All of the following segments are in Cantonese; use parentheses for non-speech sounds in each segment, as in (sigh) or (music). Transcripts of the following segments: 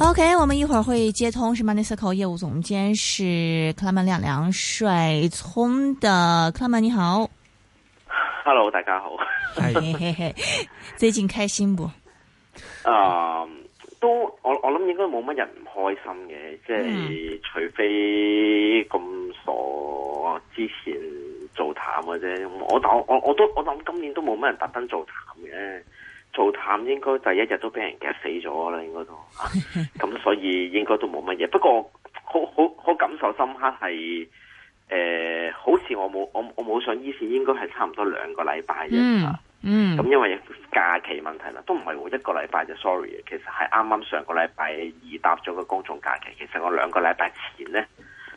O.K. 我們一會兒會接通，是 Maniscal 業務總監，是 Clement 梁梁帥聰的 Clement 你好。Hello，大家好。 (laughs) hey hey hey，最近開心不？啊、um，都我我諗應該冇乜人唔開心嘅，即係、mm. 除非咁傻之前做淡嘅啫，我但我我，我都我諗今年都冇乜人特登做淡嘅。做探應該第一日都俾人夾死咗啦，應該都咁， (laughs) 所以應該都冇乜嘢。不過好好好感受深刻係誒、呃，好似我冇我我冇上醫線，應該係差唔多兩個禮拜嘅嗯，咁、嗯嗯嗯、因為假期問題啦，都唔係一個禮拜就 sorry。其實係啱啱上個禮拜二搭咗個公眾假期。其實我兩個禮拜前呢，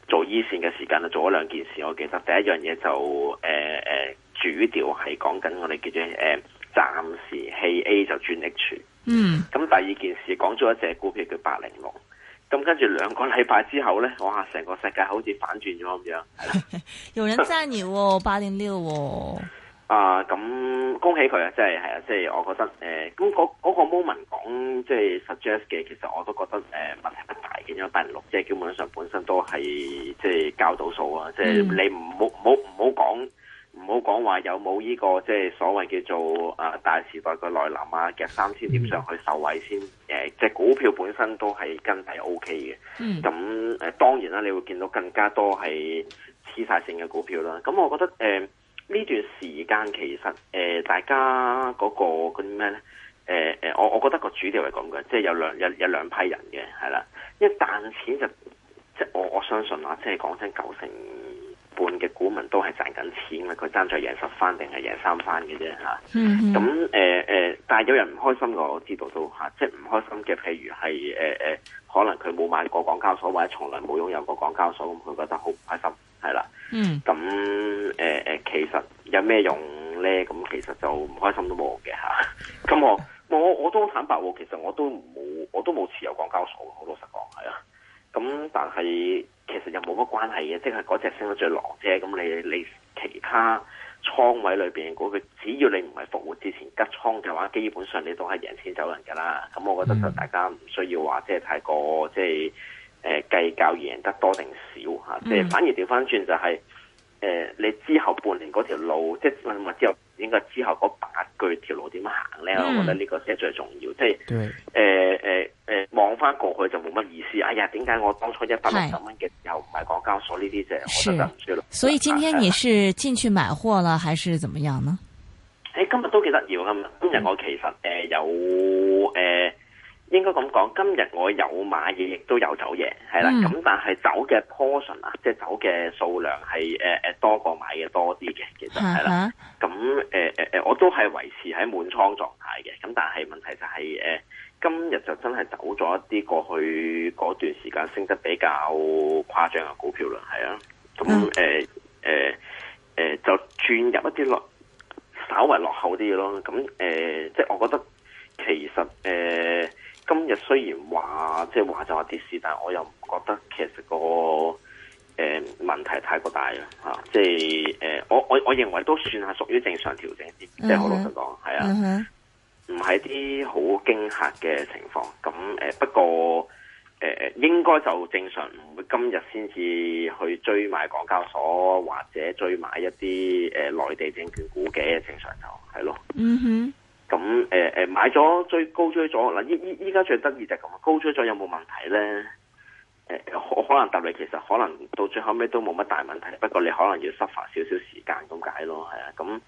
做醫線嘅時間咧做咗兩件事。我記得第一樣嘢就誒誒、呃呃、主調係講緊我哋叫做誒。暫時棄 A 就轉 H，嗯，咁第二件事講咗一隻股票叫八零六，咁跟住兩個禮拜之後咧，哇，成個世界好似反轉咗咁樣。 (laughs) 有人爭你喎，八零六喎。啊，咁、嗯、恭喜佢啊，即係係啊，即係、就是、我覺得誒，咁嗰嗰個 moment 講即係 suggest 嘅，其實我都覺得誒問題不大嘅，因為八零六即係基本上本身都係即係交到數啊，即、就、係、是就是、你唔好冇冇講。嗯唔好講話有冇呢，這個即係所謂叫做誒，啊，大時代嘅內臨啊，夾三千點上去受惠先誒，呃，即係股票本身都係跟係 O K 嘅。嗯，咁誒，呃，當然啦，你會見到更加多係黐晒線嘅股票啦。咁，嗯，我覺得誒呢，呃，段時間其實誒，呃，大家嗰，那個嗰啲咩咧誒誒，我我覺得個主調係咁嘅，即係有兩有有兩批人嘅係啦。一賺錢就即係我我相信啊，即係講真九成半嘅股民都係賺緊錢嘅，佢爭在贏十番定係贏三番嘅啫嚇。咁誒誒，但係有人唔開心嘅，我知道都嚇、啊，即係唔開心嘅，譬如係誒誒，可能佢冇買過港交所，或者從來冇擁有過港交所，咁佢覺得好唔開心，係啦。咁誒誒，其實有咩用咧？咁其實就唔開心都冇嘅嚇。咁、啊、 (noise) 我我我都坦白、哦，其實我都冇，我都冇持有港交所，我老實講係啊。咁、嗯、但係其實又冇乜關係嘅，即係嗰隻升得最狼啫。咁你你其他倉位裏邊嗰個，只要你唔係復活之前吉倉嘅話，基本上你都係贏錢走人噶啦。咁我覺得就大家唔需要話即係太過即係誒計較贏得多定少吓，啊嗯、即係反而調翻轉就係、是、誒、呃、你之後半年嗰條路，即係問之後。應該之後嗰八句條路點樣行咧？嗯、我覺得呢個先係最重要，即係誒誒誒，望翻過去就冇乜意思。哎呀，點解我當初一百六十蚊嘅時候唔係港交所呢啲啫？哎、我覺得，所以今天你是進去買貨了，還是怎點樣呢？誒、哎，今日都幾得意。啊！今日我其實誒、呃、有誒。呃應該咁講，今日我有買嘢，亦都有走嘢，係啦、嗯。咁但係走嘅 portion 啊，即係走嘅數量係誒誒多過買嘅多啲嘅，其實係啦。咁誒誒誒，我都係維持喺滿倉狀態嘅。咁但係問題就係、是、誒，今日就真係走咗一啲過去嗰段時間升得比較誇張嘅股票啦，係啊。咁誒誒誒，就轉入一啲落稍為落後啲嘅咯。咁、嗯、誒，即、呃、係、就是、我覺得其實誒。呃今日雖然話即係話就話跌市，但係我又唔覺得其實、個誒、呃、問題太過大啦嚇、啊，即係誒、呃、我我我認為都算係屬於正常調整啲，mm hmm. 即係好老實講，係啊，唔係啲好驚嚇嘅情況。咁誒、呃、不過誒、呃、應該就正常，唔會今日先至去追買港交所或者追買一啲誒、呃、內地證券股嘅正常就係咯。嗯哼、啊。Mm hmm. 咁誒誒買咗最高追咗，嗱依依依家最得意就係咁高追咗有冇問題咧？誒、呃、可可能答你，其實可能到最後尾都冇乜大問題，不過你可能要執翻少少時間咁解咯，係啊。咁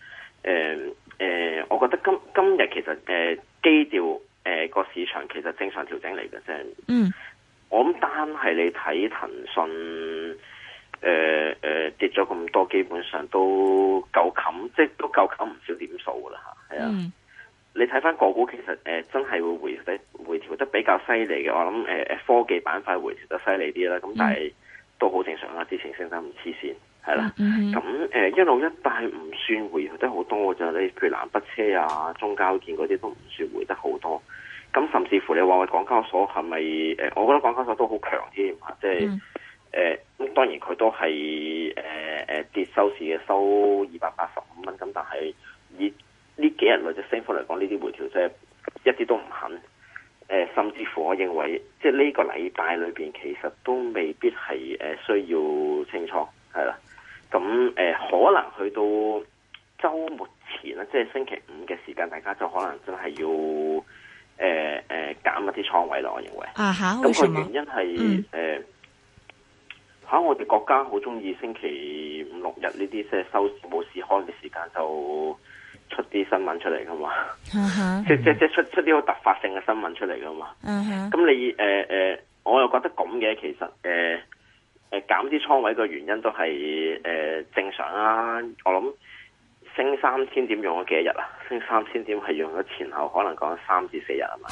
誒誒，我覺得今今日其實誒基調誒個、呃、市場其實正常調整嚟嘅啫。嗯，我諗單係你睇騰訊誒誒、呃呃、跌咗咁多，基本上都夠冚，即係都夠冚唔少點數噶啦嚇，係啊。嗯嗯你睇翻個股，其實誒、呃、真係會回底、回調得比較犀利嘅，我諗誒誒科技板塊回調得犀利啲啦。咁、嗯嗯、但係都好正常啦，之前升得咁黐線，係啦。咁誒一路一帶唔算回調得好多嘅啫，你譬如南北車啊、中交建嗰啲都唔算回得好多。咁、嗯嗯嗯、甚至乎你話話港交所係咪誒？我覺得港交所都好強添啊，即係誒。咁、嗯嗯嗯、當然佢都係誒誒跌收市嘅，收二百八十五蚊，咁但係以，呢幾日來只升幅嚟講，呢啲回調真係、就是、一啲都唔肯。誒、呃，甚至乎我認為，即係呢個禮拜裏邊，其實都未必係誒、呃、需要清倉。係啦。咁、嗯、誒、呃，可能去到周末前咧，即係星期五嘅時間，大家就可能真係要誒誒、呃呃、減一啲倉位咯。我認為咁、啊、哈個原因係誒，吓、嗯呃、我哋國家好中意星期五六日呢啲即係收冇事開嘅時間就。出啲新聞出嚟噶嘛？Uh huh. 即即即出出啲好突發性嘅新聞出嚟噶嘛？咁、uh huh. 你誒誒、呃呃，我又覺得咁嘅。其實誒誒、呃呃，減啲倉位嘅原因都係誒、呃、正常啦、啊。我諗升三千點用咗幾多日啊？升三千點係用咗前後可能講三至四日啊嘛。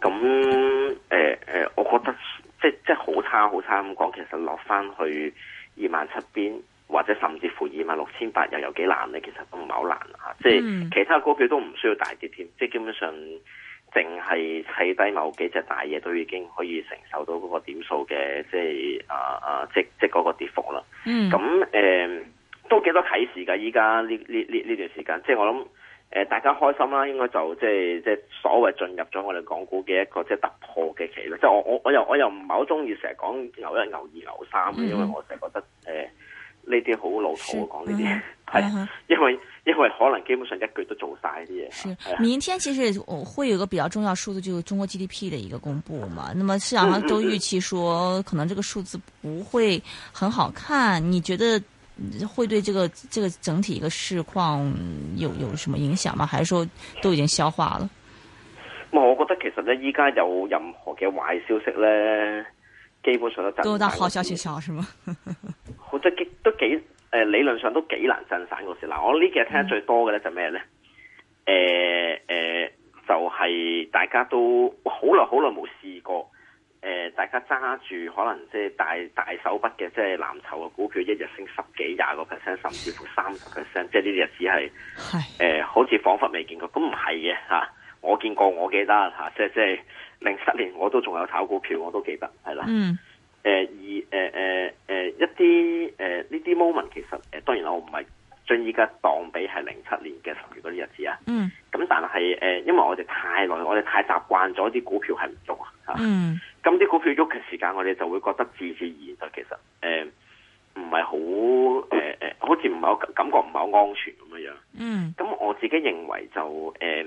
咁誒誒，我覺得即即好差好差咁講，其實落翻去二萬七邊，或者甚至乎二萬六千八又有幾難咧，其實都唔係好難嚇。即係其他股票都唔需要大跌添，即係基本上淨係砌低某幾隻大嘢，都已經可以承受到嗰個點數嘅即係啊啊即即嗰個跌幅啦。咁誒、嗯嗯嗯、都幾多啟示㗎！依家呢呢呢呢段時間，即係我諗誒大家開心啦，應該就即係即係所謂進入咗我哋港股嘅一個即係突破嘅期啦。即係我我我又我又唔係好中意成日講牛一牛二牛三，因為我成日覺得誒。呃呢啲好老土是，講呢啲係，因為因為可能基本上一句都做晒呢啲嘢。是是明天其實會有個比較重要數字，就是、中國 GDP 的一個公布嘛。那麼市場上都預期說，嗯、可能這個數字不會很好看。你覺得會對這個這個整體一個市況有有什麼影響嗎？還是說都已經消化了？嗯、我覺得其實呢，依家有任何嘅壞消息呢，基本上都都當好消息笑，是嗎？ (laughs) 都幾誒、呃，理論上都幾難震散嗰事。嗱，我呢幾日聽得最多嘅咧就咩咧？誒、呃、誒、呃，就係、是、大家都好耐好耐冇試過。誒、呃，大家揸住可能即係大大手筆嘅即係藍籌嘅股票，一日升十幾廿個 percent，甚至乎三十 percent。即係呢啲日子係誒是、呃，好似仿佛未見過。咁唔係嘅吓，我見過，我記得吓、啊。即係即係零七年，我都仲有炒股票，我都記得係啦。嗯。誒二誒誒。一啲誒呢啲 moment 其實誒、呃、當然我唔係將而家當比係零七年嘅十月嗰啲日子啊，嗯、mm.，咁但係誒因為我哋太耐，我哋太習慣咗啲股票係唔喐啊，嗯，咁啲股票喐嘅時間，我哋就會覺得自自然就其實誒唔係好誒誒，好似唔係好感覺唔係好安全咁樣，嗯，咁我自己認為就誒。呃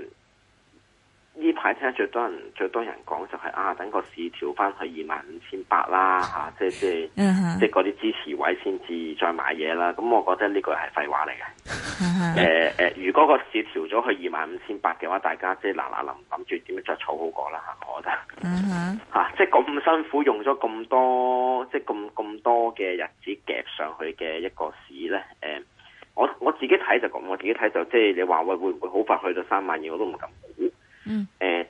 呢排聽最多人最多人講就係、是、啊，等個市調翻去二萬五千八啦嚇、啊，即即、mm hmm. 即嗰啲支持位先至再買嘢啦。咁、嗯、我覺得呢個係廢話嚟嘅。誒誒、mm hmm. 呃呃，如果個市調咗去二萬五千八嘅話，大家即嗱嗱臨諗住點樣着草好過啦。我覺得嚇，即咁辛苦用咗咁多即咁咁多嘅日子夾上去嘅一個市咧，誒、呃、我我自己睇就噉我自己睇就即你話喂會唔會好快去到三萬二我都唔敢。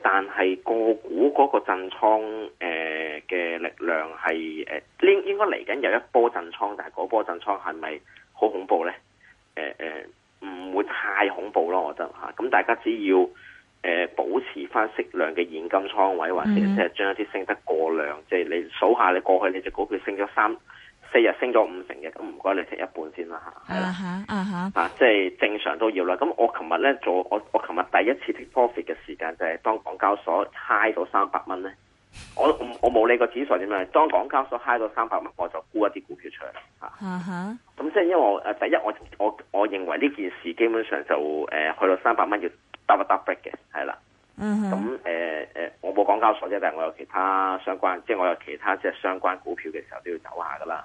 但係個股嗰個震倉，誒、呃、嘅力量係誒應應該嚟緊有一波震倉，但係嗰波震倉係咪好恐怖咧？誒、呃、誒，唔、呃、會太恐怖咯，我覺得嚇。咁、啊、大家只要誒、呃、保持翻適量嘅現金倉位，或者即係將一啲升得過量，mm hmm. 即係你數下你過去你隻股票升咗三，四日升咗五成嘅，咁唔該你食一半先啦、啊、吓，係啦，嚇， (music) 啊，即係正常都要啦。咁我琴日咧做，我我琴日第一次 take profit 嘅時間就係當港交所 high 到三百蚊咧，我我冇理個指數點樣，當港交所 high 到三百蚊，我就沽一啲股票出嚟嚇。咁、啊、 (music) 即係因為我誒第一我我我認為呢件事基本上就誒、呃、去到三百蚊要 double double 嘅，係啦。嗯咁誒誒，我冇港交所啫，但係我有其他相關，即係我有其他即係相關股票嘅時候都要走下噶啦。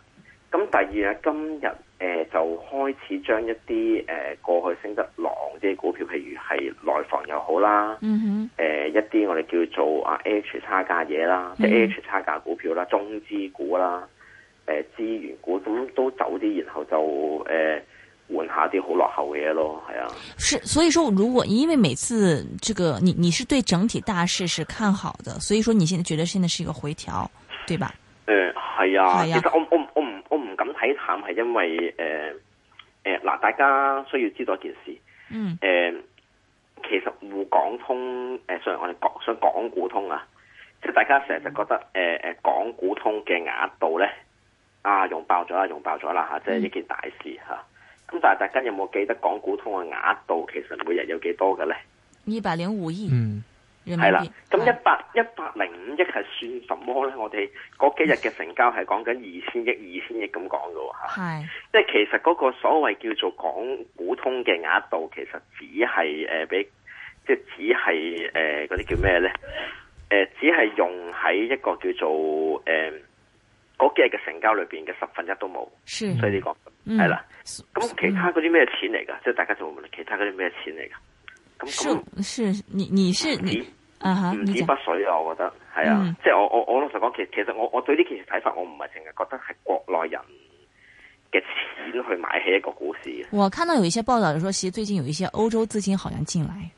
咁第二啊，今日誒、呃、就開始將一啲誒、呃、過去升得狼啲股票，譬如係內房又好、嗯哼呃、啦，誒一啲我哋叫做啊 H 差價嘢啦，即係 H 差價股票啦，中資股啦，誒、呃、資源股，咁都，都走啲，然後就誒換、呃、下啲好落後嘅嘢咯，係啊。是，所以說如果因為每次這個你你是對整體大勢是看好的，所以說你現在覺得現在是一個回調，對吧？對、嗯。係啊，其實我我我唔我唔敢睇淡，係因為誒誒嗱，大家需要知道一件事，誒、嗯呃，其實滬港通誒，雖、呃、我哋講想港股通啊，即係大家成日覺得誒誒、嗯、港股通嘅額度咧，啊用爆咗啊用爆咗啦吓，即係呢件大事吓。咁、嗯、但係大家有冇記得港股通嘅額度其實每日有幾多嘅咧？二百零五億。係啦，咁一百是一百零五億係算什麼咧？我哋嗰幾日嘅成交係講緊二千億、二千億咁講㗎喎，係是，即係其實嗰個所謂叫做港股通嘅額度，其實只係誒，即係只係誒嗰啲叫咩咧？誒，只係、呃、用喺一個叫做誒嗰、呃、幾日嘅成交裏邊嘅十分一都冇，是所以呢、這個係、嗯、啦。咁其他嗰啲咩錢嚟噶？即係、嗯、大家就會問其他嗰啲咩錢嚟噶？咁是是，你你是你。唔、uh huh，止不水啊！我覺得係、uh huh。啊，即係我我我老實講，其其實我我對呢件事睇法，我唔係淨係覺得係國內人嘅錢去買起一個股市。我看到有一些報道，就說其實最近有一些歐洲資金好像進來。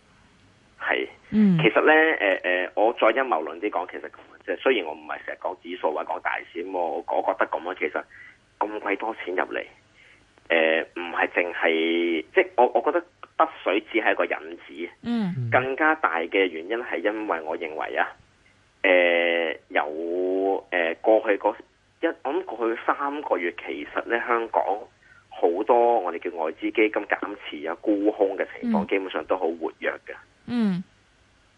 係，其實呢，誒、呃、誒、呃，我再陰謀論啲講，其實即係雖然我唔係成日講指數或者講大市，我我覺得咁樣，其實咁鬼多錢入嚟，誒、呃，唔係淨係，即係我我覺得。北水只係個引子，嗯，更加大嘅原因係因為我認為啊，誒有誒過去嗰一，我諗過去三個月其實咧香港好多我哋叫外資基金減持啊沽空嘅情況，基本上都好活躍嘅，嗯，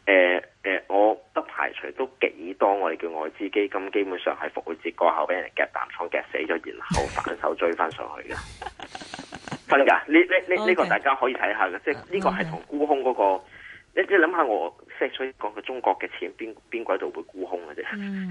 誒誒、呃呃，我得排除都幾多我哋叫外資基金，基本上係復活節過後俾人夾淡倉夾死咗，然後反手追翻上去嘅。嗯 (laughs) 係噶，呢呢呢呢個大家可以睇下嘅，即係呢個係同沽空嗰，那個，你你諗下我 set 出，講嘅中國嘅錢，邊邊鬼度會沽空嘅啫？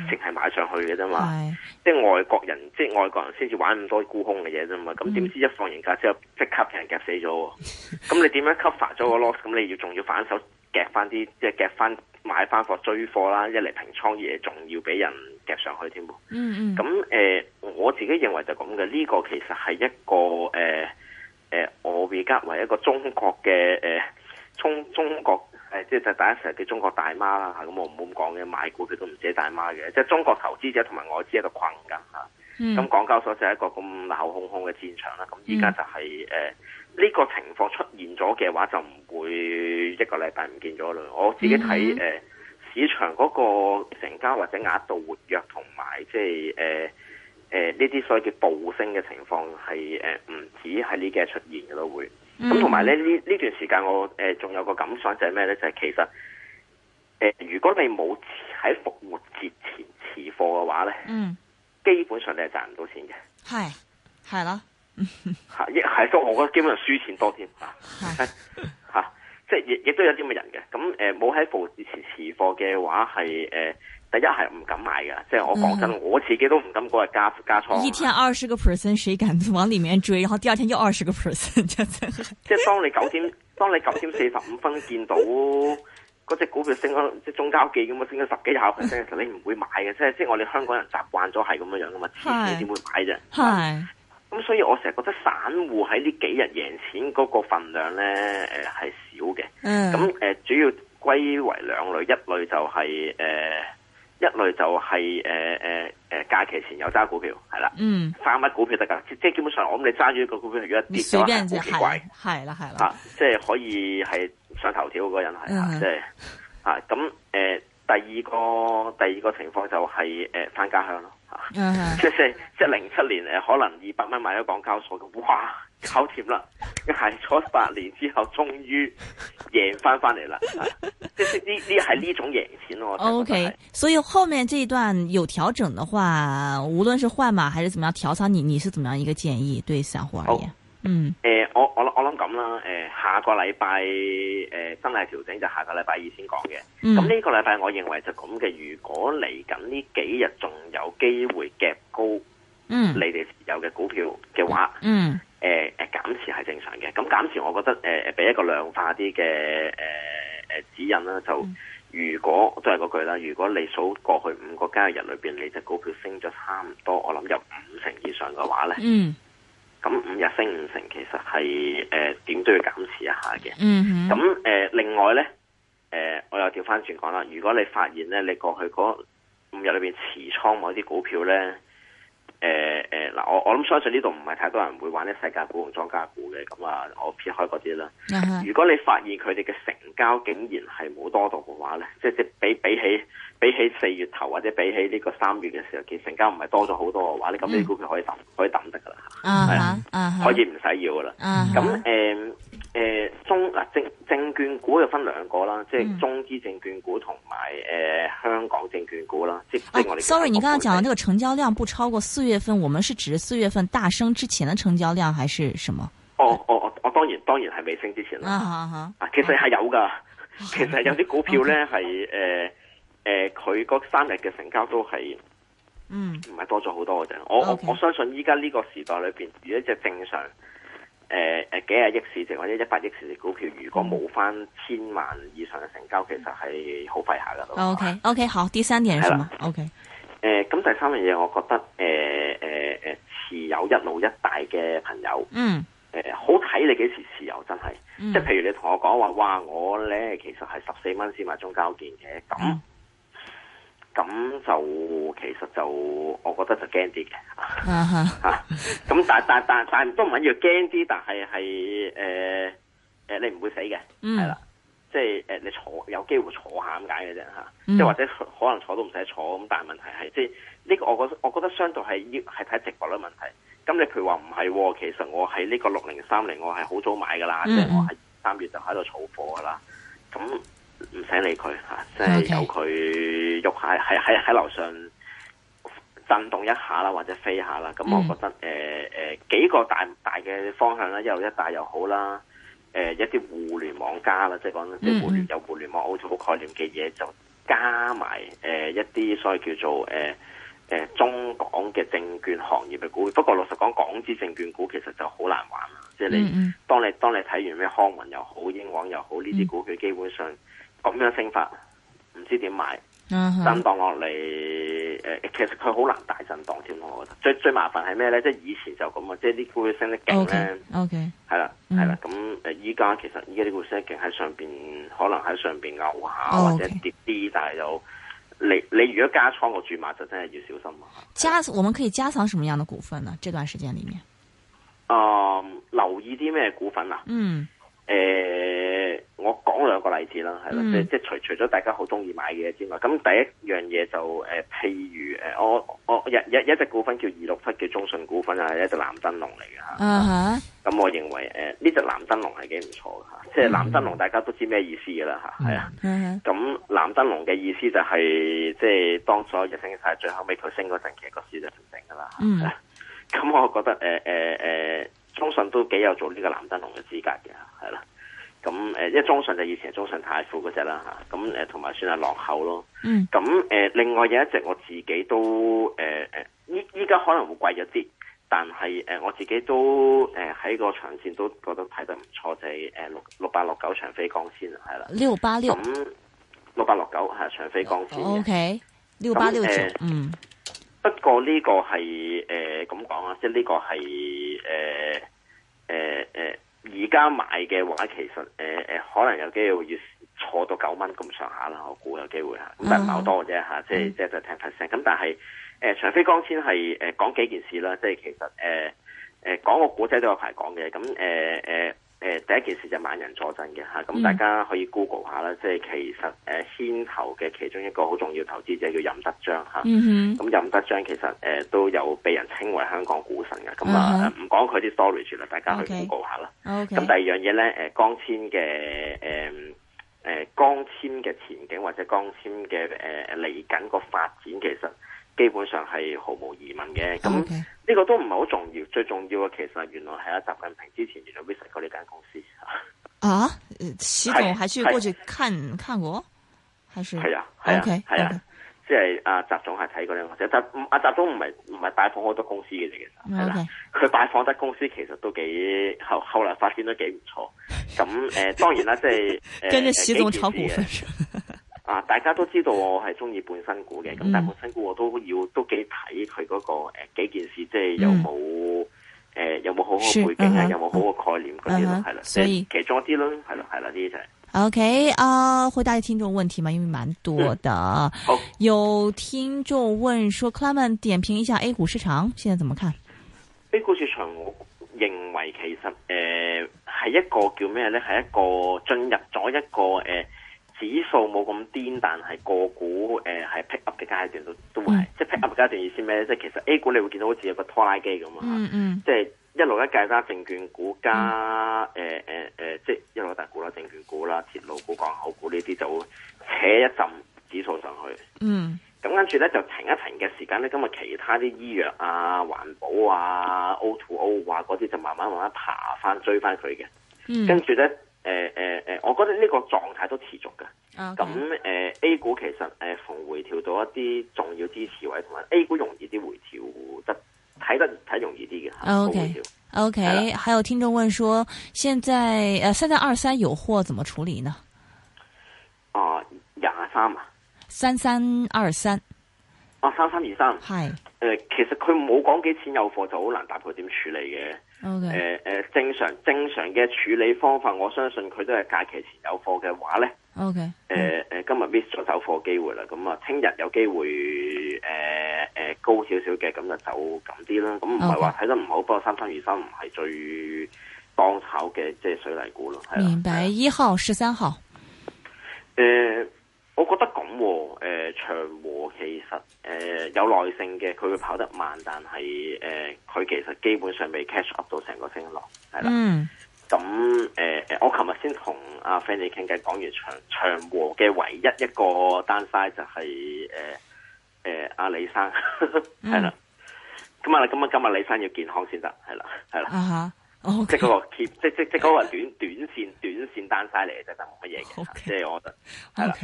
成係買上去嘅啫嘛，是即係外國人，即係外國人先至玩咁多沽空嘅嘢啫嘛。咁點知一放完假之後，即刻人夾死咗。咁、嗯、你點樣吸 o 咗個 loss？咁 (laughs) 你要仲要反手夾翻啲，即係夾翻買翻貨追貨啦，一嚟平倉嘢，仲要俾人夾上去添。嗯嗯。咁誒、呃，我自己認為就咁嘅，呢、這個其實係一個誒。呃誒、呃，我而家為一個中國嘅誒、呃，中中國誒、呃，即係大家成日叫中國大媽啦吓，咁、啊、我唔好咁講嘅，買股票都唔知大媽嘅，即係中國投資者同埋外資喺度困緊吓，咁、啊、港交所就係一個咁鬧哄哄嘅戰場啦，咁而家就係誒呢個情況出現咗嘅話，就唔會一個禮拜唔見咗咯，我自己睇誒、嗯哼呃、市場嗰個成交或者額度活躍同埋即係誒。誒，呢啲、呃、所謂嘅暴升嘅情況係誒，唔、呃、止喺呢幾日出現嘅都會。咁同埋咧，呢呢段時間我誒仲、呃、有個感想就係咩咧？就係、是、其實誒、呃，如果你冇喺復活節前持貨嘅話咧，嗯，基本上你係賺唔到錢嘅，係係咯，亦係都我覺得基本上輸錢多添吓吓，即係亦亦都有啲咁嘅人嘅。咁誒，冇喺復活節前持貨嘅話係誒。呃第一係唔敢買嘅，即係我講真，嗯、我自己都唔敢嗰個日加加倉。一天二十個 percent，誰敢往裡面追？然後第二天又二十個 percent，即係當你九點， (laughs) 當你九點四十五分見到嗰隻股票升，即係中交記咁樣，升咗十幾廿 percent 嘅時候，嗯、你唔會買嘅，即係即係我哋香港人習慣咗係咁樣嘅嘛，自然點會買啫？係咁、嗯，嗯、所以我成日覺得散戶喺呢幾日贏錢嗰個份量咧，誒係少嘅。咁誒、呃、主要歸為兩類，一類就係、是、誒。呃一類就係誒誒誒假期前有揸股票，係啦，嗯，返乜股票得㗎，即係基本上我諗你揸住一個股票一，如果跌咗，嘅，好奇怪，係啦係啦，啊，即係可以係上頭條嗰個人係、嗯、啊，即係啊咁誒，第二個第二個情況就係誒翻家鄉咯，啊，即係即係零七年誒，可能二百蚊買咗港交所咁。哇！好甜啦，行咗八年之後，終於贏翻翻嚟啦！即係呢呢係呢種贏錢、oh, okay. 我覺得。O K，所以後面這一段有調整嘅話，無論是換碼還是怎麼樣調倉，你你是怎麼樣一個建議對小胡？對散戶而言，嗯，誒、呃，我我我諗咁啦，誒、呃，下個禮拜誒真係調整就下個禮拜二先講嘅。咁呢、嗯、個禮拜我認為就咁嘅。如果嚟緊呢幾日仲有機會夾高。嗯，你哋持有嘅股票嘅話，嗯，誒誒，減持係正常嘅。咁減持，我覺得誒俾，呃、一個量化啲嘅誒誒指引啦。就如果都係嗰句啦，如果你數過去五個交易日裏邊，你隻股票升咗差唔多，我諗有五成以上嘅話咧，嗯，咁五日升五成，其實係誒點都要減持一下嘅。嗯哼。咁誒、呃，另外咧，誒、呃、我又調翻轉講啦，如果你發現咧，你過去嗰五日裏邊持倉某啲股票咧。誒誒，嗱、呃呃、我我諗相信呢度唔係太多人會玩啲世界股同莊家股嘅，咁啊我撇開嗰啲啦。Uh huh. 如果你發現佢哋嘅成交竟然係冇多到嘅話咧，即係比比起比起四月頭或者比起呢個三月嘅時候，其實成交唔係多咗好多嘅話，呢咁、uh huh. 你估佢可以抌可以抌得噶啦，係啊，可以唔使、uh huh. uh huh. 要噶啦。咁誒、uh。Huh. 誒、呃，中嗱證證券股又分兩個啦，即係中資證券股同埋誒香港證券股啦。即係 sorry，而家我你剛剛講嘅呢個成交量不超過四月份，我們是指四月份大升之前的成交量還是什麼？哦哦 (noise) 哦，我、哦哦、當然當然係未升之前啦。 (noise) 啊，啊其實係有噶，其實有啲股票咧係誒誒，佢嗰 (noise) okay.、呃呃、三日嘅成交都係嗯，唔係多咗好多嘅啫。我我我相信依家呢個時代裏邊，如果一隻正常。誒誒、呃，幾廿億市值或者一百億市值股票，如果冇翻千萬以上嘅成交，其實係好費下噶。O K O K，好，第三點係嘛？O K，誒，咁了 Okay.、呃、第三樣嘢，我覺得誒誒誒，持有“一帶一路”一大嘅朋友，嗯，誒、呃，好睇你幾時持有，真係，即係、嗯、譬如你同我講話，哇，我咧其實係十四蚊先買中交建嘅，咁、嗯。樣咁就其實就我覺得就驚啲嘅，吓咁 (laughs) (laughs) 但但但但都唔緊要驚啲，但係係誒誒你唔會死嘅，係啦、嗯，即係誒你坐有機會坐下咁解嘅啫吓，即係、嗯、或者可能坐都唔使坐，咁但係問題係即係呢個我我我覺得相對係要係睇直播率問題，咁你譬如話唔係，其實我喺呢個六零三零我係好早買噶啦，即係、嗯、我喺三月就喺度儲貨噶啦，咁。唔使理佢吓，即係由佢喐下，喺喺喺樓上震動一下啦，或者飛下啦。咁我覺得誒誒幾個大大嘅方向咧，一帶一路又好啦，誒、呃、一啲互聯網加啦、就是，即係講即係有互聯網奧創概念嘅嘢，就加埋誒、呃、一啲所謂叫做誒誒、呃呃、中港嘅證券行業嘅股。不過老實講，港資證券股其實就好難玩啦。即係你當你當你睇完咩康文又好，英皇又好呢啲股票基本上。咁樣升法，唔知點買，uh huh. 震盪落嚟，誒、呃，其實佢好難大震盪添，我覺得最最麻煩係咩咧？即係以前就咁啊，即係啲股升得勁咧，OK，係啦係啦，咁誒、嗯，依家其實依家啲股升得勁喺上邊，可能喺上邊牛下或者跌啲，oh, okay. 但係就你你如果加倉個注碼就真係要小心加、嗯、我們可以加倉什麼樣的股份呢？這段時間裏面，嗯、呃，留意啲咩股份啊？嗯、誒、呃。我講兩個例子啦，係啦，即係即係除除咗大家好中意買嘅嘢之外，咁第一樣嘢就誒、呃，譬如誒、呃，我我一一一隻股份叫二六七嘅中信股份隻、uh huh. 啊，係一隻藍燈籠嚟嘅吓。咁我認為誒，呢、呃、隻藍燈籠係幾唔錯嘅吓，uh huh. 即係藍燈籠大家都知咩意思嘅啦吓，係啊、uh。咁、huh. 藍燈籠嘅意思就係、是、即係當所有嘢升晒，最後尾佢升嗰陣，其實個市就平靜噶啦。咁我覺得誒誒誒，中信都幾有做呢個藍燈籠嘅資格嘅，係啦。咁誒，一中信就以前中信泰富嗰隻啦嚇，咁誒同埋算係落後咯。嗯。咁誒、嗯、另外有一隻我自己都誒誒，依依家可能會貴咗啲，但係誒我自己都誒喺個長線都覺得睇得唔錯，就係誒六六八六九長飛光纖。係啦 6 86,、嗯。六八六。咁六八六九係長飛光纖，O K。六八六九。呃、86, 嗯。不過呢個係誒咁講啊，即係呢個係誒誒誒。呃呃呃而家買嘅話，其實誒誒、呃，可能有機會要坐到九蚊咁上下啦，我估有機會嚇，咁但係唔係好多嘅啫嚇，即係即係聽 percent。咁但係誒，長飛光纖係誒講幾件事啦，即係其實誒誒講個故仔都有排講嘅，咁誒誒。呃呃誒、呃、第一件事就萬人助陣嘅嚇，咁、啊、大家可以 Google 下啦，即係、嗯、其實誒、呃、牽頭嘅其中一個好重要投資者叫任德章嚇，咁任德章其實誒、呃、都有被人稱為香港股神嘅，咁啊唔講佢啲 story 啦，大家去 Google 下啦。咁 okay, okay,、啊、第二樣嘢咧，誒、呃、光纖嘅誒誒光纖嘅前景或者光纖嘅誒嚟緊個發展其實。基本上係毫無疑問嘅，咁呢 Okay. 個都唔係好重要。最重要嘅其實原來係阿習近平之前原來 visit 過呢間公司嚇。啊，習總還去過去看是看，看過，還是係啊 OK 係啊，即係阿習總係睇過呢間公司。阿習,、啊、習總唔係唔係拜訪好多公司嘅，其實係啦，佢拜訪得公司其實都幾後後嚟發展得幾唔錯。咁誒、呃、當然啦，即、就、係、是呃、 (laughs) 跟着習總炒股份。 (laughs) 嗱，大家都知道我係中意半新股嘅，咁但係半新股我都要都幾睇佢嗰個誒、呃、幾件事，即係有冇誒有冇、呃、好嘅背景啊，uh、huh, 有冇好嘅概念嗰啲咯，係啦、uh huh，所以，uh、huh, 所以其中一啲咯，係咯，係啦，呢啲就係。O K，啊，啊啊 okay, uh, 回答啲聽眾問題嘛，因為蠻多嘅。好、嗯，有聽眾問說，Clement 點評一下 A 股市場，現在怎麼看？A 股市場，我認為其實誒係、呃、一個叫咩咧？係一個進入咗一個、呃、誒。指數冇咁癲，但係個股誒係、呃、pick up 嘅階段都都會係，mm hmm. 即係 pick up 階段意思咩咧？即係其實 A 股你會見到好似有個拖拉機咁啊，mm hmm. 即係一路一加翻證券股加誒誒誒，即係一路大股啦、證券股啦、鐵路股、港口股呢啲就會扯一陣指數上去。嗯、mm，咁、hmm. 跟住咧就停一停嘅時間咧，咁啊其他啲醫藥啊、環保啊、O to O 啊嗰啲就慢慢慢慢爬翻追翻佢嘅。Mm hmm. 跟住咧。誒誒誒，我覺得呢個狀態都持續嘅。咁誒 Okay.、呃、A 股其實誒、呃、逢回調到一啲重要支持位，同埋 A 股容易啲回調，得睇得睇容易啲嘅。O K O K，還有聽眾問說，現在誒，三三二三有貨怎麼處理呢？呃、啊，廿三啊，三三二三，啊，三三二三，係。誒是、呃，其實佢冇講幾錢有貨，就好難答佢點處理嘅。誒誒 Okay.、呃呃，正常正常嘅處理方法，我相信佢都係假期前有貨嘅話咧。OK，誒、mm. 誒、呃呃，今日 miss 咗走貨機會啦，咁啊，聽日有機會誒誒、呃呃、高少少嘅，咁就走緊啲啦。咁唔係話睇得唔好，Okay. 不過三三二三唔係最當炒嘅，即、就、係、是、水泥股咯。啊、明白，一號十三號。誒。呃我覺得咁、哦，誒、呃，長和其實誒、呃、有耐性嘅，佢會跑得慢，但係誒佢其實基本上未 catch up 到成個升浪。係啦。咁誒、嗯呃，我琴日先同阿 Fanny 傾偈，講完長長和嘅唯一一個 downside 就係誒誒阿李生，係 (laughs) 啦的。咁啊、嗯，咁啊，今日李生要健康先得，係啦，係啦。啊哈、uh huh. okay. 那個，即係嗰個揭，即即即嗰、那個短短線短線 downside 嚟，就係冇乜嘢嘅。即係我覺得，係啦。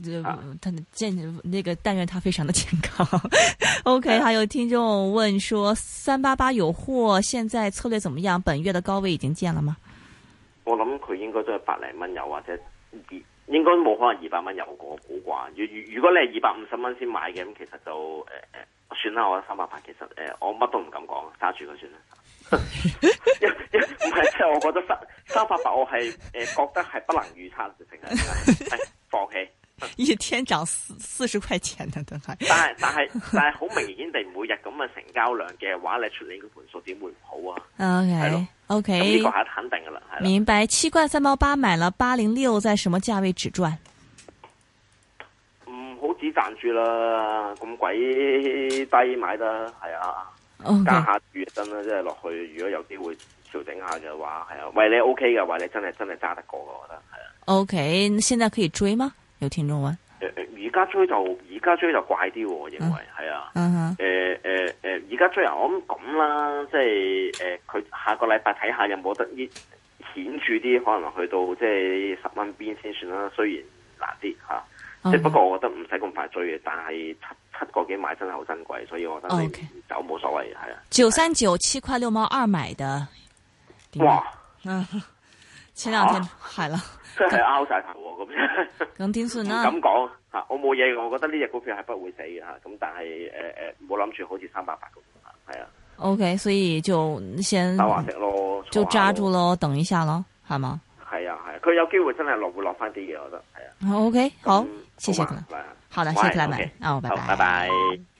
就他健，那個、呃啊、但願他非常的健康。 (laughs) OK，、啊、還有聽眾問說，三八八有貨，現在策略怎麼樣？本月的高位已經見了嗎？我諗佢應該都係百零蚊有，或者二應該冇可能二百蚊有我估啩。如如果你係二百五十蚊先買嘅，咁其實就誒誒、呃，算啦，我三八八其實誒、呃，我乜都唔敢講，揸住佢算啦。唔 (laughs) 係， (laughs) (laughs) 即係我覺得三三八八，我係誒覺得係不能預測一天漲四四十塊錢啊！但係但係但係好明顯地每日咁嘅成交量嘅話，你處理個盤數點會唔好啊？OK OK 呢個係肯定噶啦，明白？七塊三毛八買了八零六，在什麼價位止賺？唔好止賺住啦，咁鬼低買得係啊！Okay, 加下月升啦，即係落去，如果有機會調整下嘅話，係啊，喂你 OK 嘅話，你真係真係揸得過嘅，我覺得係啊。OK，現在可以追嗎？有聽咗嗎？誒誒、呃，而家追就而家追就怪啲、哦，認為係啊。嗯哼。誒誒誒，而家、呃呃呃、追啊，我諗咁啦，即係誒，佢、呃、下個禮拜睇下有冇得啲顯著啲，可能去到即係十蚊邊先算啦。雖然難啲吓，即、啊、係、嗯、不過我覺得唔使咁快追嘅，但係七七個幾買真係好珍貴，所以我覺得走冇所謂係、哦 okay。啊。九三九七塊六毛二買的哇！嗯嘩 (laughs) 前兩天係啦，真係拗晒頭咁樣，咁點算啊？咁講吓，我冇嘢嘅，我覺得呢隻股票係不會死嘅吓，咁但係誒誒，冇諗住好似三百八咁，係啊。O K，所以就先咯，就揸住咯，等一下咯，係嘛？係啊係，佢有機會真係落會落翻啲嘢。我覺得係啊。O K，好，謝謝好啦，謝謝佢啦，哦，拜拜。